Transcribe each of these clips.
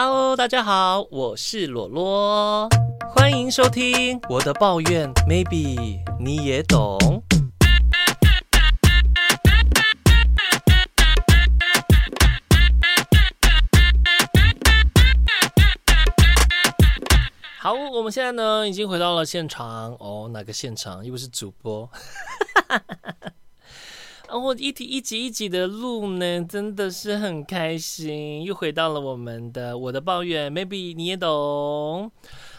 Hello，大家好，我是羅羅，歡迎收聽我的抱怨，Maybe 你也懂。好，我們現在呢已經回到了現場，哦，哪個現場？又不是主播。 我、oh, 一題一集一集的錄呢，真的是很開心。又回到了我們的我的抱怨，Maybe 你也懂。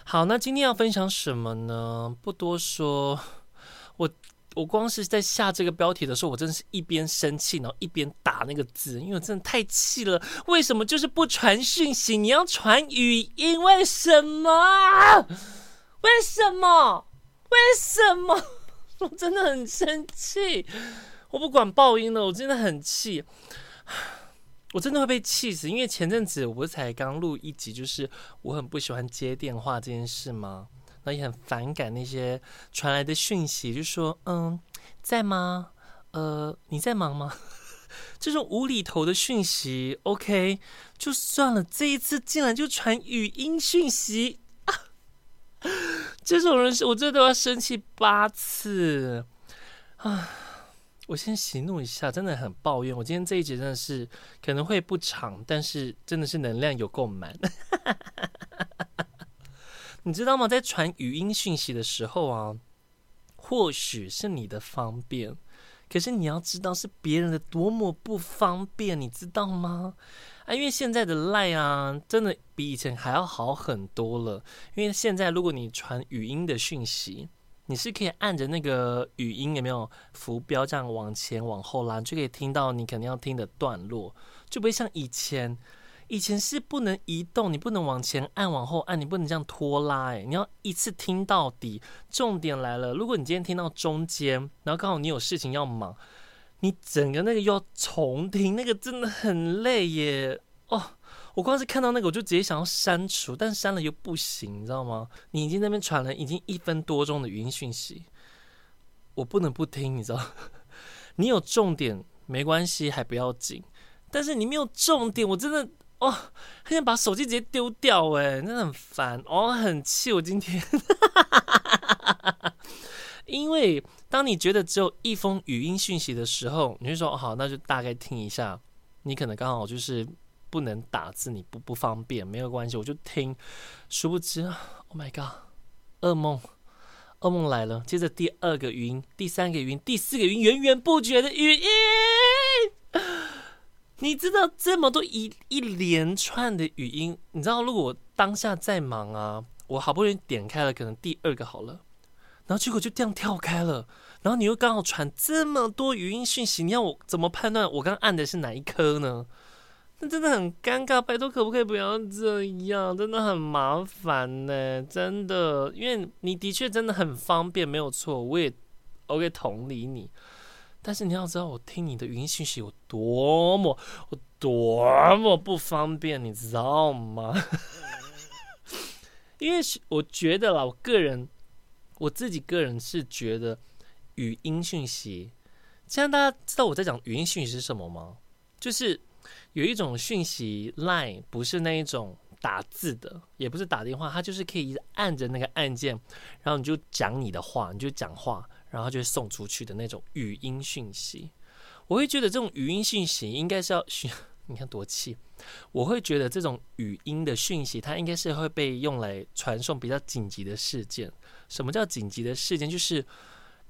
好，那今天要分享什麼呢？不多說。我我光是在下這個標題的時候，我真的是一邊生氣，然後一邊打那個字，因為我真的太氣了。為什麼就是不傳訊息？你要傳語音，為什麼？為什麼？為什麼？我真的很生氣。我不管爆音了，我真的很氣，我真的會被氣死。因為前陣子我不是才剛錄一集，就是我很不喜歡接電話這件事嘛，那也很反感那些傳來的訊息，就說“嗯，在嗎？”呃，你在忙嗎？這種無厘頭的訊息，OK，就算了。這一次竟然就傳語音訊息啊！這種人是我真的要生氣八次啊！我先行動一下，真的很抱怨。我今天這一集真的是可能會不長，但是真的是能量有夠滿。 你知道嗎？在傳語音訊息的時候啊，或許是你的方便，可是你要知道是別人的多麼不方便，你知道嗎？啊，因為現在的 LINE 啊，真的比以前還要好很多了。因為現在如果你傳語音的訊息，你是可以按着那個語音有沒有浮標這樣往前往後拉，就可以聽到你肯定要聽的段落，就不會像以前，以前是不能移動，你不能往前按，往後按，你不能這樣拖拉，欸，你要一次聽到底。重點來了，如果你今天聽到中間，然後剛好你有事情要忙，你整個那個又要重聽，那個真的很累耶，哦。我光是看到那個，我就直接想要刪除，但刪了又不行，你知道嗎？你已經那邊傳了已經一分多鐘的語音訊息，我不能不聽，你知道？你有重點沒關係，還不要緊，但是你沒有重點，我真的哦，很想把手機直接丟掉哎，真的很煩哦，很氣我今天， 因為當你覺得只有一封語音訊息的時候，你就說，哦，好，那就大概聽一下，你可能剛好就是。不能打字，你不不方便，沒有關係，我就聽。殊不知啊，Oh my god，噩夢，噩夢來了。接着第二個語音，第三個語音，第四個語音，源源不絕的語音。你知道這麼多一一連串的語音，你知道如果我當下在忙啊，我好不容易點開了，可能第二個好了，然後結果就這樣跳開了，然後你又剛好傳這麼多語音訊息，你要我怎麼判斷我剛按的是哪一顆呢？那真的很尷尬，拜託，可不可以不要這樣？真的很麻煩呢、欸，真的，因為你的確真的很方便，沒有錯，我也我也、OK，同理你。但是你要知道，我聽你的語音訊息有多麼，我多麼不方便，你知道嗎？ 因為是我覺得啦，我個人我自己個人是覺得語音訊息，既然大家知道我在講語音訊息是什麼嗎？就是。有一種訊息 line 不是那一種打字的，也不是打電話，它就是可以一直按着那個按鍵，然後你就講你的話，你就講話，然後就送出去的那種語音訊息。我會覺得這種語音訊息應該是要，你看多氣。我會覺得這種語音的訊息，它應該是會被用來傳送比較緊急的事件。什麼叫緊急的事件？就是。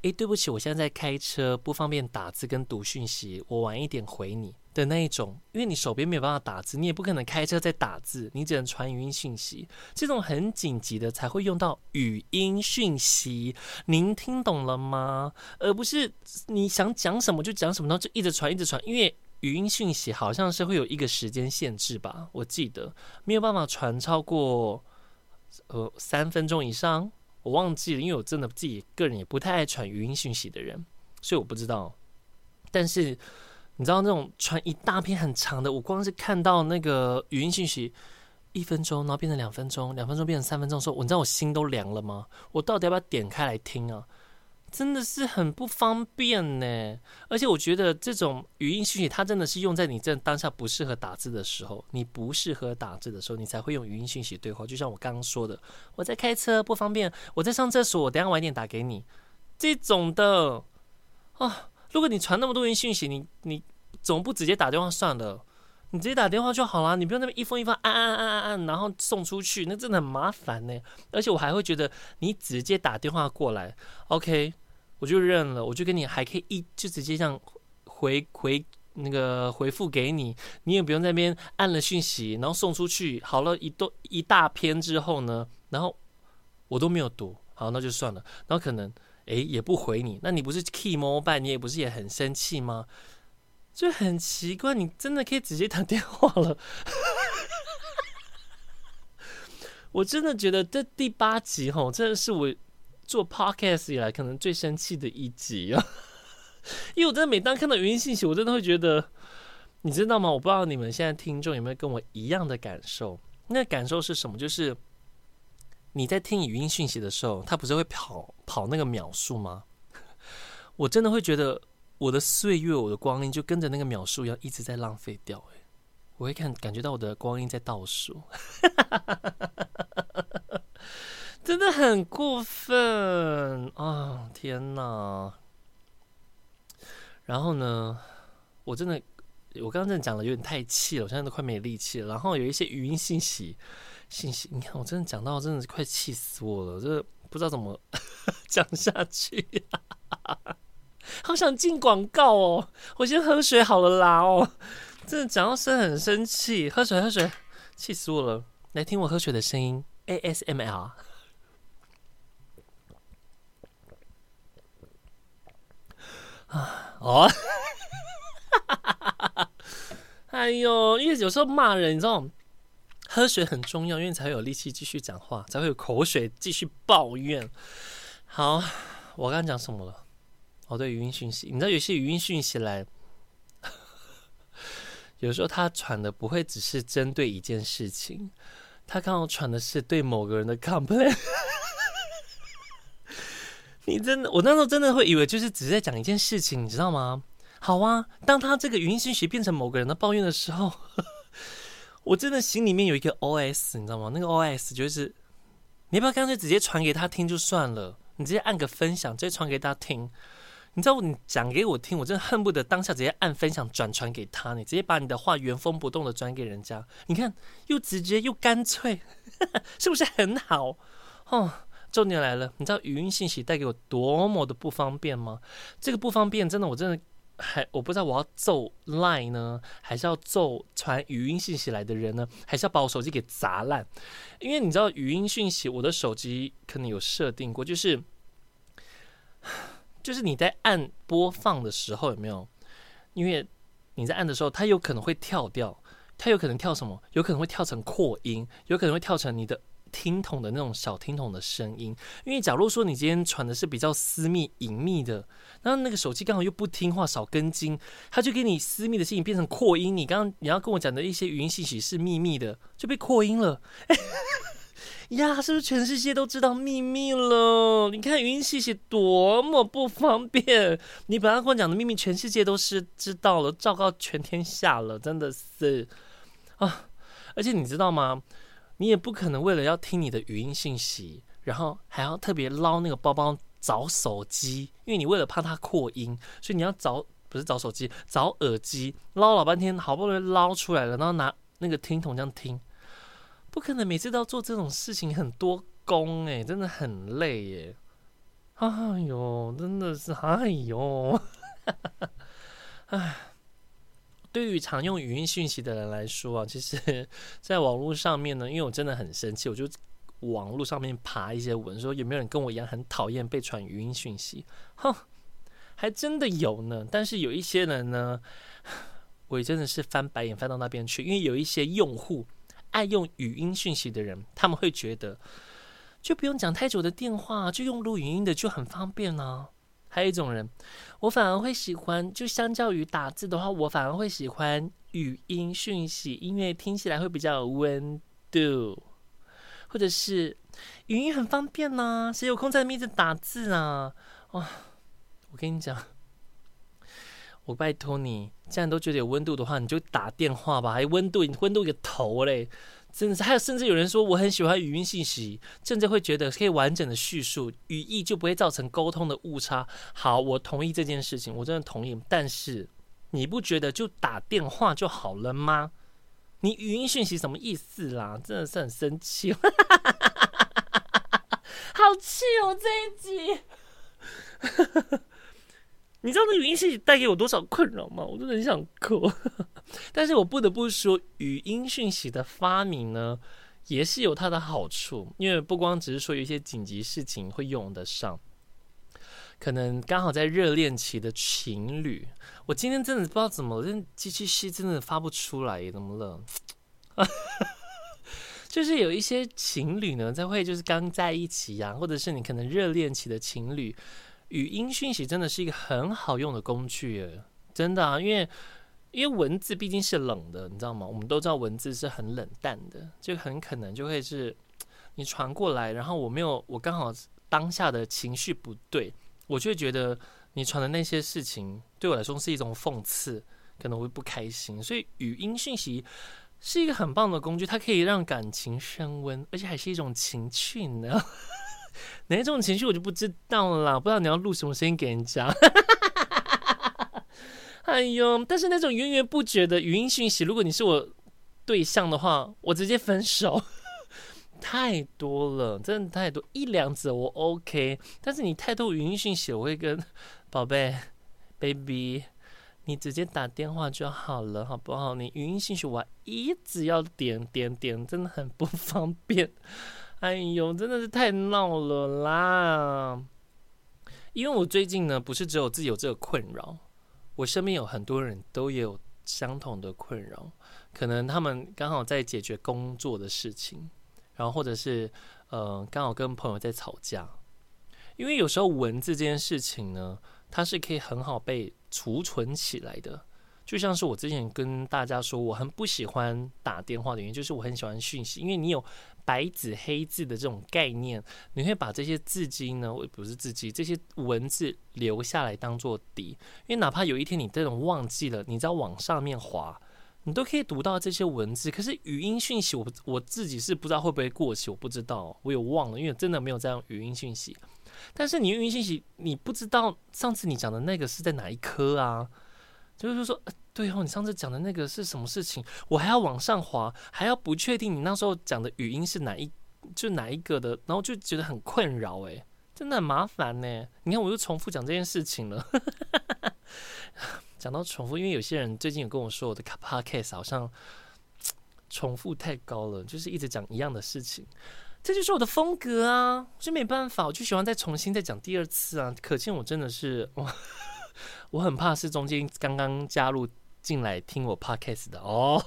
哎、欸，對不起，我現在在開車，不方便打字跟讀訊息，我晚一點回你的那一種，因為你手邊沒有辦法打字，你也不可能開車在打字，你只能傳語音訊息。這種很緊急的才會用到語音訊息，您聽懂了嗎？而、呃、不是你想講什麼就講什麼，然後就一直傳一直傳，因為語音訊息好像是會有一個時間限制吧，我記得沒有辦法傳超過呃三分鐘以上。我忘記了，因為我真的自己個人也不太愛傳語音訊息的人，所以我不知道。但是你知道那種傳一大片很長的，我光是看到那個語音訊息一分鐘，然後變成兩分鐘，兩分鐘變成三分鐘，說你知道我心都涼了嗎？我到底要不要點開來聽啊？真的是很不方便呢，而且我覺得這種語音訊息，它真的是用在你這當下不適合打字的時候，你不適合打字的時候，你才會用語音訊息對話。就像我剛剛說的，我在開車不方便，我在上廁所，我等下晚點打給你，這種的啊。如果你傳那麼多語音訊息，你你總不直接打電話算了？你直接打電話就好啦，你不用那麼一封一封按按按按按，然後送出去，那真的很麻煩呢。而且我還會覺得，你直接打電話過來，OK。我就認了，我就跟你還可以一就直接這樣回回那個回復給你，你也不用在那邊按了訊息，然後送出去好了，一段一大篇之後呢，然後我都沒有讀，好那就算了，然後可能哎、欸、也不回你，那你不是 key 摸半天，你也不是也很生氣嗎？就很奇怪，你真的可以直接打電話了， 我真的覺得這第八集吼真的是我。做 podcast 以來，可能最生氣的一集啊！因為我真的每當看到語音信息，我真的會覺得，你知道嗎？我不知道你們現在聽眾有沒有跟我一樣的感受？那個感受是什麼？就是你在聽語音訊息的時候，它不是會跑跑那個秒數嗎？我真的會覺得我的歲月、我的光陰就跟着那個秒數要一直在浪費掉。哎，我會看，感覺到我的光陰在倒數。 真的很過分啊，哦！天哪！然後呢，我真的，我剛剛真的講的有點太氣了，我現在都快沒力氣了。然後有一些語音訊息訊息，你看，我真的講到真的是快氣死我了，我真的不知道怎麼講下去啊。好想進廣告哦！我先喝水好了啦哦！真的講到是很生氣，喝水喝水，氣死我了！來聽我喝水的聲音，A S M L。啊哦， 哎呦！因為有時候罵人，你知道嗎？喝水很重要，因為才會有力氣繼續講話，才會有口水繼續抱怨。好，我剛講什麼了？我、哦、對語音訊息，你知道有些語音訊息來，有時候他傳的不會只是針對一件事情，他剛好傳的是對某個人的 complaint 你真的，我那時候真的會以為就是只是在講一件事情，你知道嗎？好啊，當他這個語音訊息變成某個人的抱怨的時候，呵呵，我真的心裡面有一個 O S，你知道嗎？那個 O S 就是，你要不要乾脆直接傳給他聽就算了，你直接按個分享，直接傳給他聽。你知道，你講給我聽，我真的恨不得當下直接按分享轉傳給他，你直接把你的話原封不動的轉給人家。你看，又直接又乾脆，呵呵，是不是很好？哦。重點來了，你知道語音信息帶給我多麼的不方便嗎？這個不方便真的，我真的還我不知道我要揍 Line 呢，還是要揍傳語音信息來的人呢，還是要把我手機給砸爛？因為你知道語音訊息，我的手機可能有設定過，就是就是你在按播放的時候有沒有？因為你在按的時候，它有可能會跳掉，它有可能跳什麼？有可能會跳成擴音，有可能會跳成你的。聽筒的那種小聽筒的聲音，因為假如說你今天傳的是比較私密、隱秘的，然後那個手機剛好又不聽話、少根筋，他就給你私密的信息，變成擴音你。你剛剛你要跟我講的一些語音信息是秘密的，就被擴音了、欸呵呵。呀，是不是全世界都知道秘密了？你看語音信息多麼不方便！你本來跟我講的秘密，全世界都是知道了，昭告全天下了，真的是啊！而且你知道嗎？你也不可能為了要聽你的語音訊息，然後還要特別撈那個包包找手機，因為你為了怕它擴音，所以你要找不是找手機，找耳機撈老半天，好不容易撈出來了，然後拿那個聽筒這樣聽，不可能每次都要做這種事情，很多工誒、欸，真的很累耶、欸！哎呦，真的是哎呦，哎。 對於常用語音訊息的人來說啊，其實，在網絡上面呢，因為我真的很生氣，我就網絡上面爬一些文，說有沒有人跟我一樣很討厭被傳語音訊息？哼，還真的有呢。但是有一些人呢，我真的是翻白眼翻到那邊去，因為有一些用戶愛用語音訊息的人，他們會覺得就不用講太久的電話，就用錄語音的就很方便呢啊。還有一種人，我反而會喜歡，就相較於打字的話，我反而會喜歡語音訊息，因為聽起來會比較有溫度。或者是語音很方便吶、啊，誰有空在那邊打字啊？哇、哦，我跟你講，我拜託你，既然都覺得有溫度的話，你就打電話吧，還溫度，你溫度個頭嘞。真的是，還有甚至有人說，我很喜歡語音訊息，甚至會覺得可以完整的敘述，語義就不會造成溝通的誤差。好，我同意這件事情，我真的同意。但是你不覺得就打電話就好了嗎？你語音訊息什麼意思啦？真的是很生氣， 好氣哦這一集。 你知道那語音信息帶給我多少困擾嗎？我真的很想哭， 但是我不得不說，語音訊息的發明呢，也是有它的好處，因為不光只是說有一些緊急事情會用得上，可能剛好在熱戀期的情侶，我今天真的不知道怎麼了，這機器是真的發不出來，怎麼了？就是有一些情侶呢，在會就是剛在一起呀、啊，或者是你可能熱戀期的情侶。語音訊息真的是一個很好用的工具耶、欸，真的啊，因為因為文字畢竟是冷的，你知道嗎？我們都知道文字是很冷淡的，就很可能就會是你傳過來，然後我沒有，我剛好當下的情緒不對，我就覺得你傳的那些事情對我來說是一種諷刺，可能會不開心。所以語音訊息是一個很棒的工具，它可以讓感情升溫，而且還是一種情趣呢。哪種情緒我就不知道啦。不知道你要錄什麼聲音給人家。 哎喲但是那種源源不絕的語音信息，如果你是我對象的話，我直接分手。 太多了，真的太多。一兩次我 OK，但是你太多語音信息，我會跟寶貝、baby，你直接打電話就好了，好不好？你語音信息我一直要點點點，真的很不方便。哎呦，真的是太鬧了啦！因為我最近呢，不是只有自己有這個困擾，我身邊有很多人都也有相同的困擾，可能他們剛好在解決工作的事情，然後或者是呃剛好跟朋友在吵架，因為有時候文字這件事情呢，它是可以很好被儲存起來的。就像是我之前跟大家說，我很不喜歡打電話的原因，就是我很喜歡訊息，因為你有白紙黑字的這種概念，你會把這些字跡呢，也不是字跡，這些文字留下來當做底，因為哪怕有一天你這種忘記了，你只要往上面滑，你都可以讀到這些文字。可是語音訊息我，我我自己是不知道會不會過期，我不知道，我有忘了，因為真的沒有在用語音訊息。但是你語音訊息，你不知道上次你講的那個是在哪一科啊？就是說，對哦，你上次講的那個是什麼事情？我還要往上滑，還要不確定你那時候講的語音是哪一，就哪一個的，然後就覺得很困擾哎，真的很麻煩呢。你看我又重複講這件事情了，講到重複，因為有些人最近有跟我說我的 podcast 好像重複太高了，就是一直講一樣的事情，這就是我的風格啊，就沒辦法，我就喜歡再重新再講第二次啊，可見我真的是哇。我很怕是中間剛剛加入進來聽我 podcast 的哦，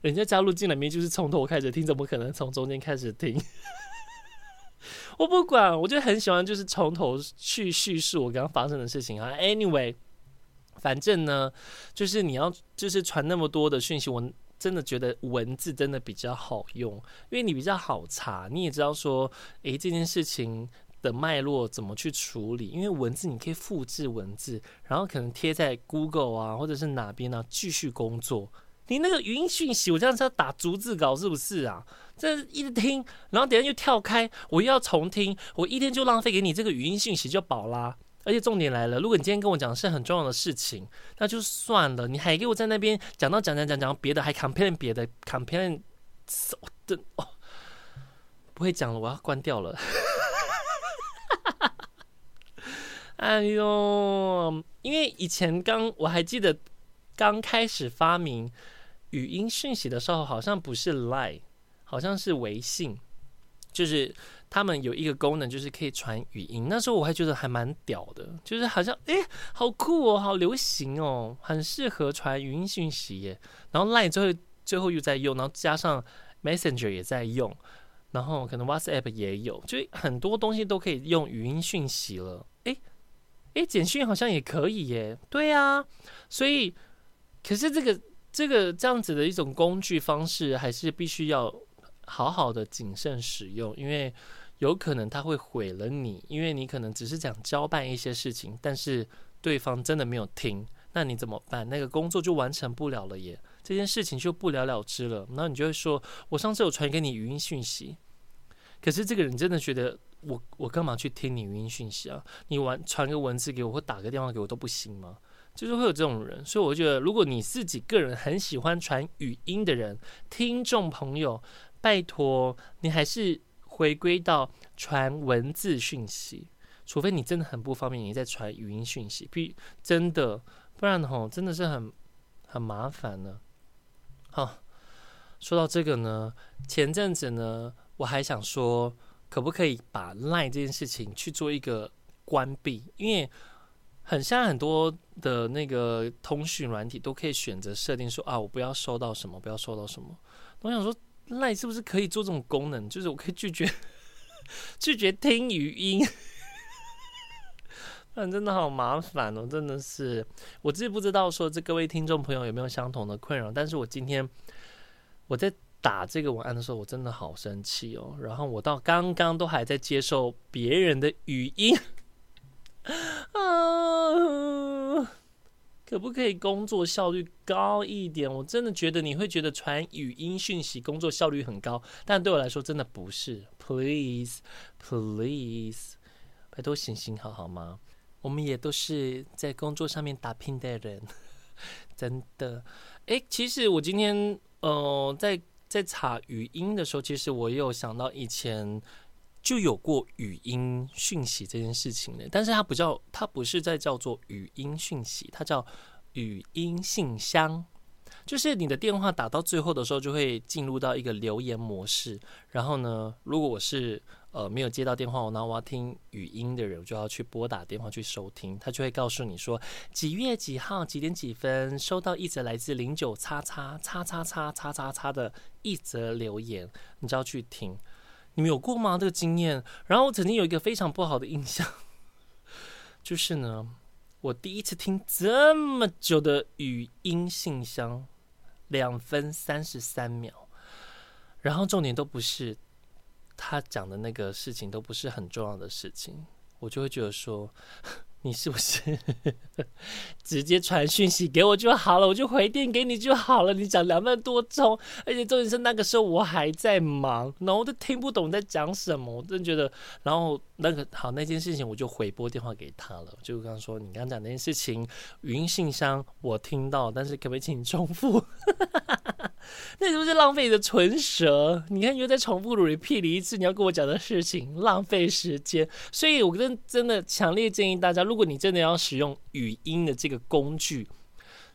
人家加入進來明明就是從頭開始聽，怎麼可能從中間開始聽？我不管，我就很喜歡就是從頭去敘述我剛剛發生的事情啊。Anyway，反正呢，就是你要就是傳那麼多的訊息，我真的覺得文字真的比較好用，因為你比較好查，你也知道說，欸，這件事情。的脈絡怎麼去處理？因為文字你可以複製文字，然後可能貼在 Google 啊，或者是哪邊呢？啊？繼續工作。你那個語音訊息，我這樣是要打逐字稿是不是啊？這一直聽，然後等下又跳開，我又要重聽，我一天就浪費給你這個語音訊息就飽啦。而且重點來了，如果你今天跟我講是很重要的事情，那就算了。你還給我在那邊講到講講講講別的，還 compare 別的，compare，真哦，不會講了，我要關掉了。哎呦，因為以前剛我還記得剛開始發明語音訊息的時候，好像不是 Line，好像是微信，就是他們有一個功能，就是可以傳語音。那時候我還覺得還蠻屌的，就是好像誒好酷哦，好流行哦，很適合傳語音訊息耶。然後 Line 最後最後又在用，然後加上 Messenger 也在用，然後可能 WhatsApp 也有，就很多東西都可以用語音訊息了。誒，簡訊好像也可以耶。對啊，所以，可是這個這個這樣子的一種工具方式，還是必須要好好的謹慎使用，因為有可能他會毀了你，因為你可能只是想交辦一些事情，但是對方真的沒有聽，那你怎麼辦？那個工作就完成不了了耶，這件事情就不了了之了。然後你就會說，我上次有傳給你語音訊息。可是這個人真的覺得我我幹嘛去聽你語音訊息啊？你玩傳個文字給我，或打個電話給我都不行嗎？就是會有這種人，所以我覺得，如果你自己個人很喜歡傳語音的人，聽眾朋友，拜託你還是回歸到傳文字訊息，除非你真的很不方便，你在傳語音訊息，比如真的，不然的話，真的是很很麻煩呢、啊。好、啊，說到這個呢，前陣子呢。我還想說，可不可以把 LINE 這件事情去做一個關閉？因為很像很多的那個通訊軟體都可以選擇設定說啊，我不要收到什麼，不要收到什麼。我想說，LINE 是不是可以做這種功能？就是我可以拒絕 拒絕聽語音， 但真的好麻煩哦，真的是，我自己不知道說這各位聽眾朋友有沒有相同的困擾。但是我今天我在。打這個文案的時候，我真的好生氣哦！然後我到剛剛都還在接受別人的語音，啊，可不可以工作效率高一點？我真的覺得你會覺得傳語音訊息工作效率很高，但對我來說真的不是。Please，Please，please 拜託醒醒，好好嗎？我們也都是在工作上面打拼的人，真的。哎，其實我今天哦、呃，在。在查語音的時候，其實我也有想到以前就有過語音訊息這件事情的，但是它不叫，它不是在叫做語音訊息，它叫語音信箱，就是你的電話打到最後的時候，就會進入到一個留言模式。然後呢，如果我是呃，沒有接到電話，我那我要聽語音的人，我就要去撥打電話去收聽，他就會告訴你說幾月幾號幾點幾分收到一則來自零九叉叉叉叉叉叉叉的一則留言，你就要去聽。你們有過嗎？這個經驗？然後我曾經有一個非常不好的印象，就是呢，我第一次聽這麼久的語音信箱，兩分三十三秒，然後重點都不是。他講的那個事情，都不是很重要的事情，我就會覺得說，你是不是直接傳訊息給我就好了，我就回電給你就好了。你講兩分多鐘，而且重點是那個時候我還在忙，然後我都聽不懂在講什麼，我真的覺得。然後那個好，那件事情我就回撥電話給他了，就剛剛說，你剛剛講那件事情，語音信箱我聽到，但是可不可以請你重複？那是不是浪費你的唇舌。你看，你又在重複 repeat 了一次你要跟我講的事情，浪費時間。所以我跟真的強烈建議大家，如果你真的要使用語音的這個工具，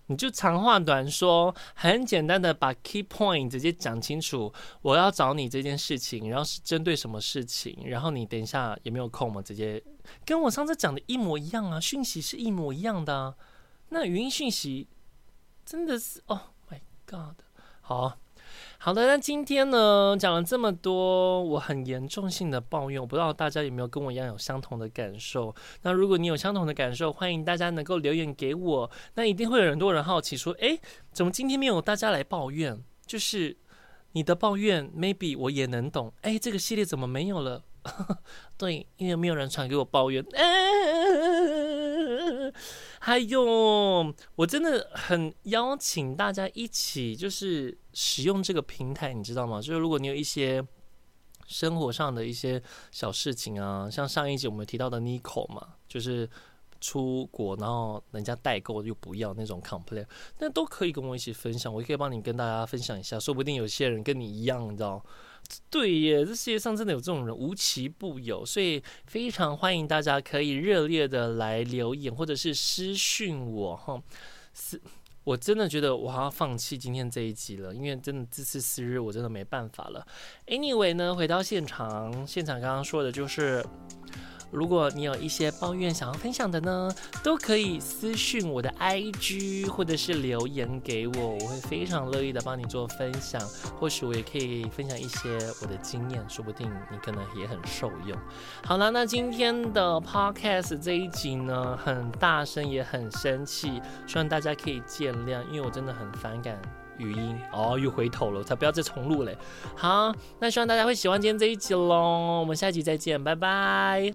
你就長話短說，很簡單的把 key point 直接講清楚。我要找你這件事情，然後是針對什麼事情，然後你等一下有沒有空嘛？直接跟我上次講的一模一樣啊，訊息是一模一樣的啊。那語音訊息真的是 Oh my God。好好的，那今天呢講了這麼多，我很嚴重性的抱怨，我不知道大家有沒有跟我一樣有相同的感受。那如果你有相同的感受，歡迎大家能夠留言給我。那一定會有很多人好奇說：“哎，怎麼今天沒有大家來抱怨？就是你的抱怨，maybe 我也能懂。哎，這個系列怎麼沒有了？” 對，因為沒有人傳給我抱怨。哎呦，我真的很邀請大家一起，就是使用這個平台，你知道嗎？就是如果你有一些生活上的一些小事情啊，像上一集我們提到的 Nico 嘛，就是。出國，然後人家代購又不要那種 complaint，那都可以跟我一起分享，我也可以幫你跟大家分享一下，說不定有些人跟你一樣的，對耶，這世界上真的有這種人，無奇不有，所以非常歡迎大家可以熱烈的來留言或者是私訊我哈，是，我真的覺得我好像放棄今天這一集了，因為真的這次私日我真的沒辦法了。Anyway 呢，回到現場，現場剛剛說的就是。如果你有一些抱怨想要分享的呢，都可以私訊我的 IG 或者是留言給我，我會非常樂意的幫你做分享。或許我也可以分享一些我的經驗，說不定你可能也很受用。好啦，那今天的 Podcast 這一集呢，很大聲也很生氣，希望大家可以見諒，因為我真的很反感語音。哦，又回頭了，我才不要再重錄嘞。好，那希望大家會喜歡今天這一集嘍，我們下一集再見，拜拜。